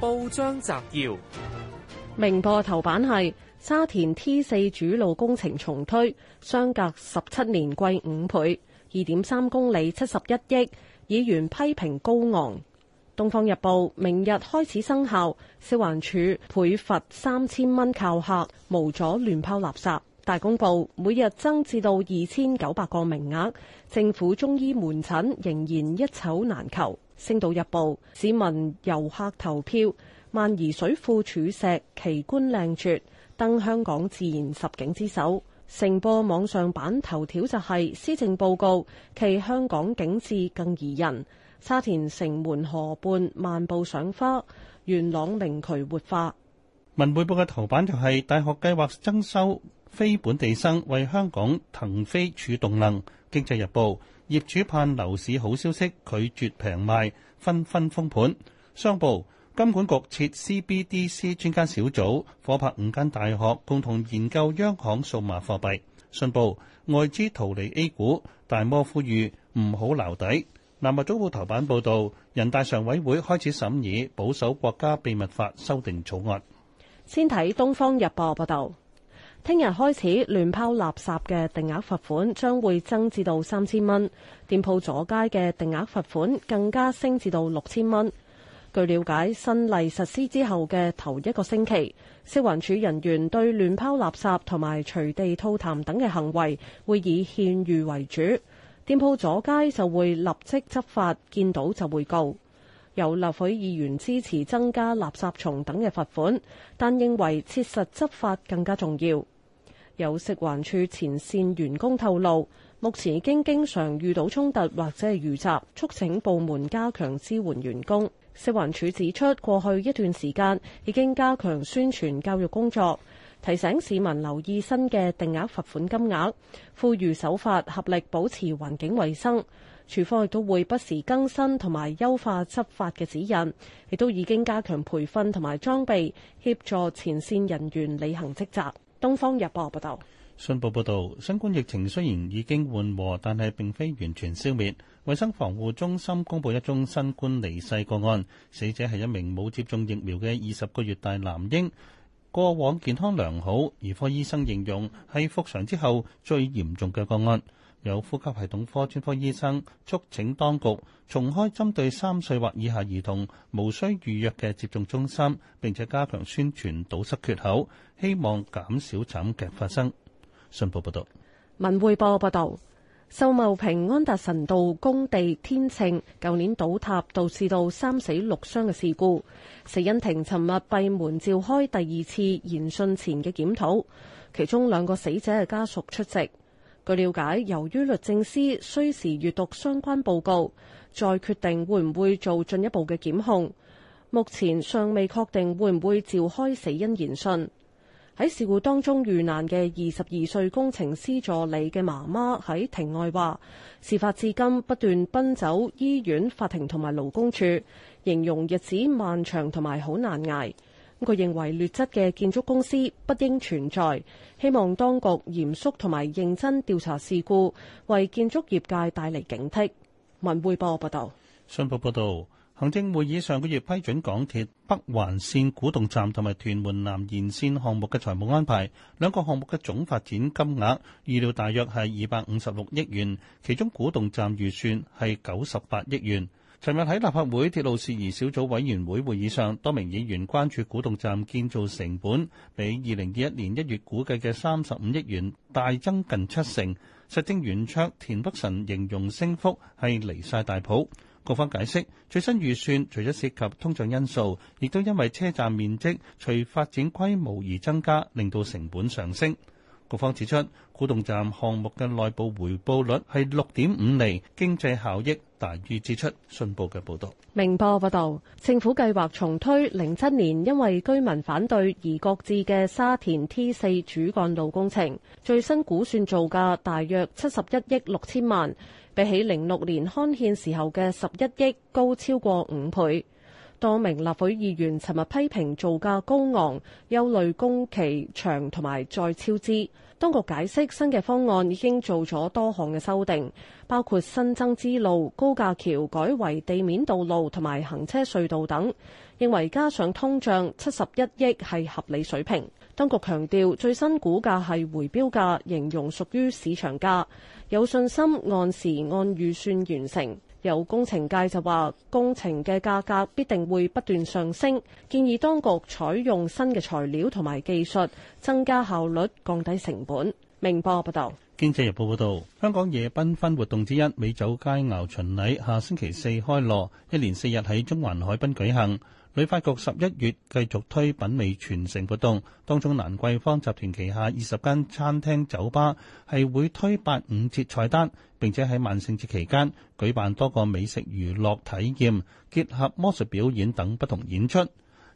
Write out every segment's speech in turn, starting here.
報章摘要：明報頭版係沙田 T 四主路工程重推，相隔十七年貴五倍，二點三公里七十一億。議員批評高昂。東方日報明日開始生效，消環署倍罰三千蚊靠客無阻亂拋垃圾。大公報，每日增至到二千九百個名額，政府中醫門診仍然一籌難求。星島日報市民遊客投票，萬宜水庫柱石奇觀靚絕，登香港自然十景之首。成報網上版頭條就係施政報告，其香港景致更宜人，沙田城門河畔漫步賞花，元朗明渠活化。文匯報嘅頭版就係大學計劃增收非本地生為香港騰飛儲動能。經濟日報業主盼樓市好消息，拒絕平賣紛紛封盤。商報金管局設 CBDC 專家小組，伙拍五間大學共同研究央行數碼貨幣。信報外資逃離 A 股，大摩呼籲唔好留底。南日早報頭版報道，人大常委會開始審議保守國家秘密法修訂草案。先睇《東方日報》報道。聽日開始，亂拋垃圾嘅定額罰款將會增至到三千蚊，店鋪阻街嘅定額罰款更加升至到六千蚊。據了解，新例實施之後嘅頭一個星期，消環署人員對亂拋垃圾同埋隨地吐痰等嘅行為會以勸喻為主，店鋪阻街就會立即執法，見到就會告。有立會議員支持增加垃圾蟲等嘅罰款，但認為切實執法更加重要。有食環處前線員工透露，目前已經經常遇到衝突或者係遇襲，促請部門加強支援員工。食環署指出，過去一段時間已經加強宣傳教育工作，提醒市民留意新嘅定額罰款金額，呼籲守法，合力保持環境衛生。處方亦都會不時更新同埋優化執法嘅指引，亦都已經加強培訓同埋裝備，協助前線人員履行職責。《東方日報》報道。信報報道，新冠疫情雖然已經緩和，但係並非完全消滅。衛生防護中心公布一宗新冠離世個案，死者係一名冇接種疫苗嘅二十個月大男嬰，過往健康良好。兒科醫生形容係復常之後最嚴重嘅個案。有呼吸系統科專科醫生促請當局重開針對三歲或以下兒童無需預約嘅接種中心，並且加強宣傳堵塞缺口，希望減少慘劇發生。信報報道，文匯報報道，秀茂坪安達臣道工地天秤，舊年倒塌導致到三死六傷嘅事故，死因庭尋日閉門召開第二次研訊前嘅檢討，其中兩個死者嘅家屬出席。據了解，由於律政司需時閱讀相關報告，再決定會唔會做進一步嘅檢控。目前尚未確定會唔會召開死因研訊。喺事故當中遇難嘅二十二歲工程師助理嘅媽媽喺庭外話，事發至今不斷奔走醫院、法庭同埋勞工處，形容日子漫長同埋好難捱。佢認為劣質嘅建築公司不應存在，希望當局嚴肅同埋認真調查事故，為建築業界帶嚟警惕。文匯報報道。上報導。商報報道，行政會議上個月批准港鐵北環線古洞站同埋屯門南延線項目嘅財務安排，兩個項目嘅總發展金額預料大約係二百五十六億元，其中古洞站預算係九十八億元。尋日喺立法會鐵路事宜小組委員會會議上，多名議員關注古洞站建造成本比二零二一年一月估計嘅三十五億元大增近七成。實政圓桌、田北辰形容升幅係離曬大譜。各方解釋最新預算除咗涉及通脹因素，亦都因為車站面積隨發展規模而增加，令到成本上升。各方指出，古洞站項目嘅內部回報率係六點五厘，經濟效益，大於支出。信報嘅報導。明報報道，政府計劃重推零七年因為居民反對而擱置嘅沙田 T 四主幹道工程，最新估算造價大約七十一億六千萬，比起零六年刊憲時候嘅十一億高超過五倍。多名立法會議員尋日批評造價高昂、憂慮工期長同埋再超支。當局解釋，新嘅方案已經做咗多項嘅修訂，包括新增之路、高架橋改為地面道路同埋行車隧道等，認為加上通脹，七十一億係合理水平。當局強調，最新估價係回標價，形容屬於市場價，有信心按時按預算完成。有工程界就話，工程嘅價格必定會不斷上升，建議當局採用新嘅材料同埋技術，增加效率，降低成本。明報報道。經濟日報報道，香港夜奔奔夜繽紛活動之一美酒佳餚巡禮下星期四開鑼，一連四日喺中環海濱舉行。旅發局十一月繼續推品味全城活動，當中蘭桂坊集團旗下二十間餐廳酒吧係會推八五折菜單，並且喺萬聖節期間舉辦多個美食娛樂體驗，結合魔術表演等不同演出。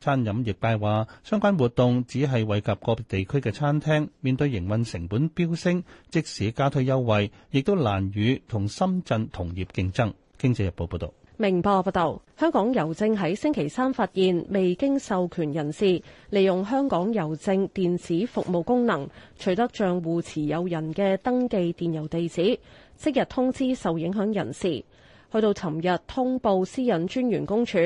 餐飲業界話，相關活動只係惠及個別地區嘅餐廳，面對營運成本飆升，即使加推優惠，亦都難與同深圳同業競爭。經濟日報報道。明報報道，香港郵政喺星期三發現未經授權人士利用香港郵政電子服務功能取得賬戶持有人嘅登記電郵地址，即日通知受影響人士。去到尋日通報私隱專員公署，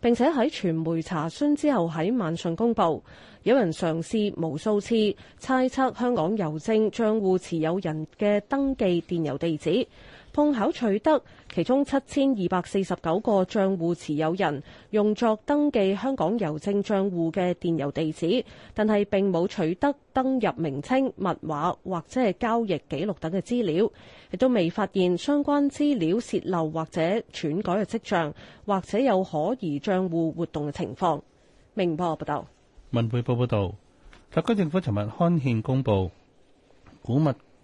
並且喺傳媒查詢之後喺晚上公布，有人嘗試無數次猜測香港郵政賬戶持有人嘅登記電郵地址。碰巧取得其中七千二百四十九個賬戶持有人用作登記香港郵政賬戶嘅電郵地址，但係並冇取得登入名稱密碼、或者係交易記錄等嘅資料，亦都未發現相關資料洩漏或者篡改嘅跡象，或者有可疑賬戶活動嘅情況。明報報道。文匯報報道，特區政府尋日刊憲公布古物、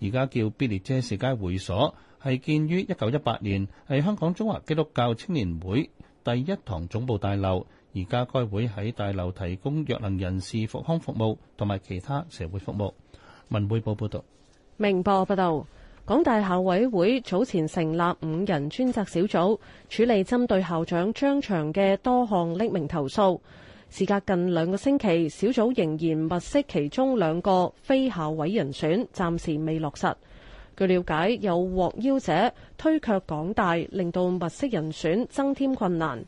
而家叫必列者士街會所，係建於一九一八年，係香港中華基督教青年會第一堂總部大樓。而家該會喺大樓提供弱能人士復康服務同埋其他社會服務。文匯報報道，明報報道，港大校委會早前成立五人專責小組處理針對校長張翔嘅多項匿名投訴。事隔近兩個星期，小組仍然物色其中兩個非校委人選，暫時未落實。據了解，有獲邀者推卻港大，令到物色人選增添困難。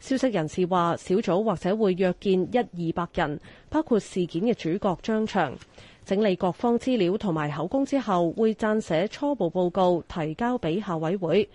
消息人士話，小組或者會約見一二百人，包括事件嘅主角張翔，整理各方資料同埋口供之後，會撰寫初步報告提交俾校委會。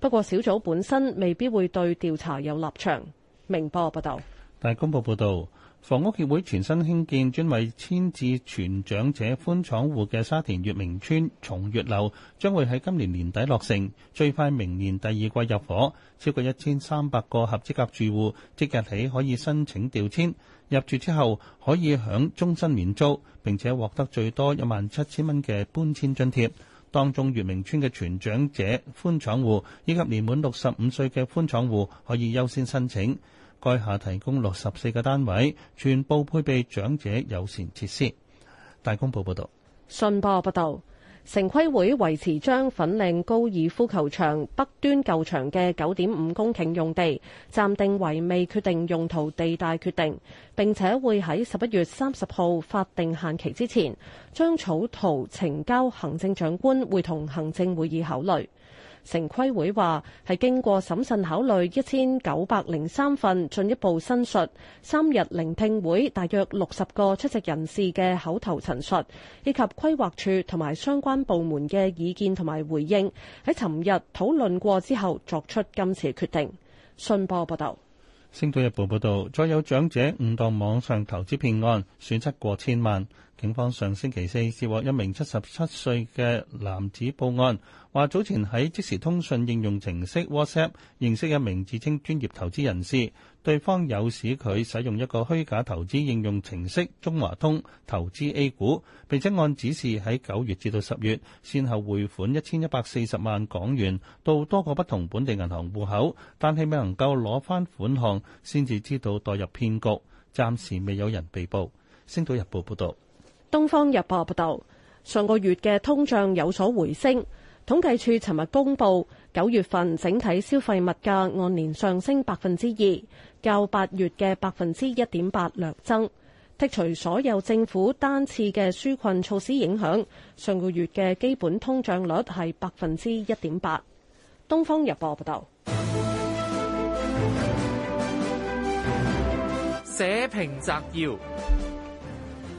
不過，小組本身未必會對調查有立場。明波報道。大公報報導，房屋協會全新興建專為遷至全長者寬敞戶嘅沙田月明村松月樓，將會喺今年年底落成，最快明年第二季入伙。超過一千三百個合資格住戶即日起可以申請調遷，入住之後可以享終身免租，並且獲得最多一萬七千蚊嘅搬遷津貼。當中月明村嘅全長者寬敞戶以及年滿六十五歲嘅寬敞戶可以優先申請。該下提供六十四個單位，全部配備長者友善設施。大公報報道，信報報道，城規會維持將粉嶺高爾夫球場北端舊場嘅九點五公頃用地暫定為未決定用途地帶決定，並且會喺十一月三十號法定限期之前將草圖呈交行政長官，會同行政會議考慮。城規會話係經過審慎考慮一千九百零三份進一步申述，三日聆聽會大約六十個出席人士嘅口頭陳述，以及規劃處同埋相關部門嘅意見同埋回應，喺尋日討論過之後作出今次決定。信報報道，《星島日報》報道，再有長者誤當網上投資騙案，損失過千萬。警方上星期四接獲一名七十七歲嘅男子報案，話早前喺即時通訊應用程式 WhatsApp 認識一名自稱專業投資人士，對方有使佢使用一個虛假投資應用程式中華通投資 A 股，並且按指示喺九月至到十月先後匯款一千一百四十萬港元到多個不同本地銀行戶口，但係未能夠攞返款項，先至知道墮入騙局。暫時未有人被捕。星島日報報道。東方日報報道，上個月嘅通脹有所回升。統計處尋日公布，九月份整體消費物價按年上升百分之二，較八月嘅百分之一點八略增。剔除所有政府單次嘅紓困措施影響，上個月嘅基本通脹率係百分之一點八。東方日報報道，社評摘要。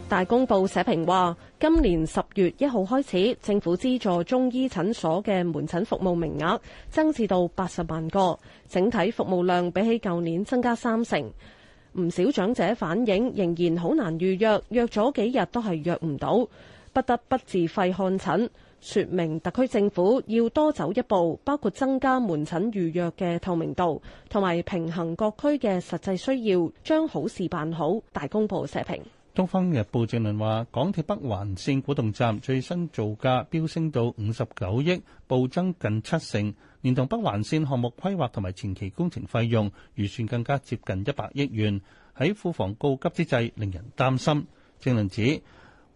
大公報社評話：今年十月一號開始，政府資助中醫診所嘅門診服務名額增至到八十萬個，整體服務量比起舊年增加三成。唔少長者反映仍然好難預約，約咗幾日都係約唔到，不得不自費看診，說明特區政府要多走一步，包括增加門診預約嘅透明度，同埋平衡各區嘅實際需要，將好事辦好。大公報社評。《東方日報》正論話，港鐵北環線古洞站最新造價飆升到五十九億，暴增近七成，連同北環線項目規劃同埋前期工程費用預算更加接近一百億元。喺庫房告急之際，令人擔心。正論指，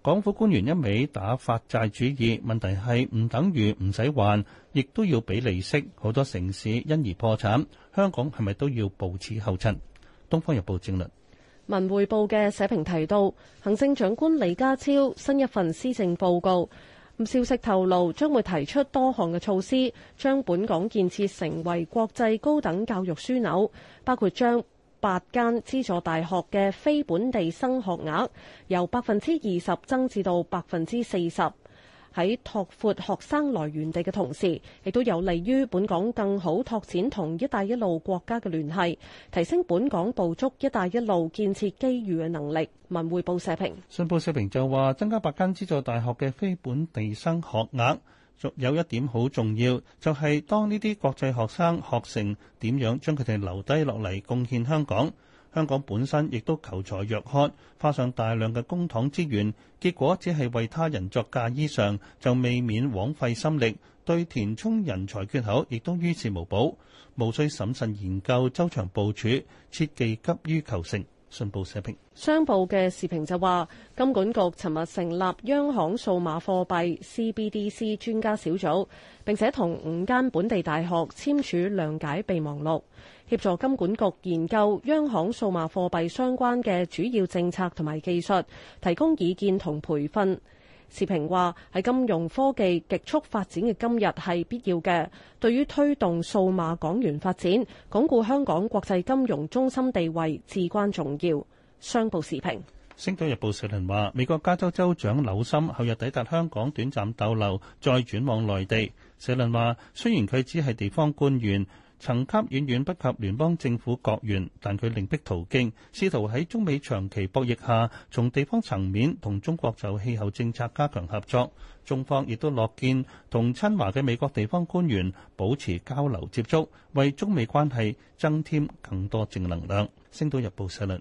港府官員一味打發債主意，問題係唔等於唔使還，亦都要俾利息。好多城市因而破產，香港係咪都要步此後塵？《東方日報》正論。文匯報嘅社評提到，行政長官李家超新一份施政報告，咁消息透露將會提出多項嘅措施，將本港建設成為國際高等教育樞紐，包括將八間資助大學嘅非本地生學額由百分之二十增至到百分之四十。喺拓闊學生來源地嘅同時，亦都有利於本港更好拓展同一帶一路國家嘅聯繫，提升本港捕捉一帶一路建設機遇嘅能力。文匯報社評。信報社評就話增加八間資助大學嘅非本地生學額，仲有一點好重要，就係、是、當呢啲國際學生學成點樣將佢哋留低落嚟貢獻香港。香港本身亦都求才若渴，花上大量嘅公帑資源，結果只係為他人作嫁衣裳，就未免枉費心力。對填充人才缺口，亦都於事無補無需審慎研究、周詳部署，切忌急於求成。信報社評，商報嘅社評就話，金管局尋日成立央行數碼貨幣 CBDC 專家小組，並且同五間本地大學簽署諒解備忘錄，協助金管局研究央行數碼貨幣相關嘅主要政策同埋技術，提供意見同培訓。時評話：喺金融科技極速發展嘅今日係必要嘅，對於推動數碼港元發展、鞏固香港國際金融中心地位至關重要。商報時評，《星島日報》社論話：美國加州州長紐森後日抵達香港短暫逗留，再轉往內地。社論話：雖然佢只係地方官員。層級遠遠不及聯邦政府國員，但佢另辟途徑，試圖喺中美長期博弈下，從地方層面同中國就氣候政策加強合作。中方亦都樂見同親華嘅美國地方官員保持交流接觸，為中美關係增添更多正能量。星島日報社論。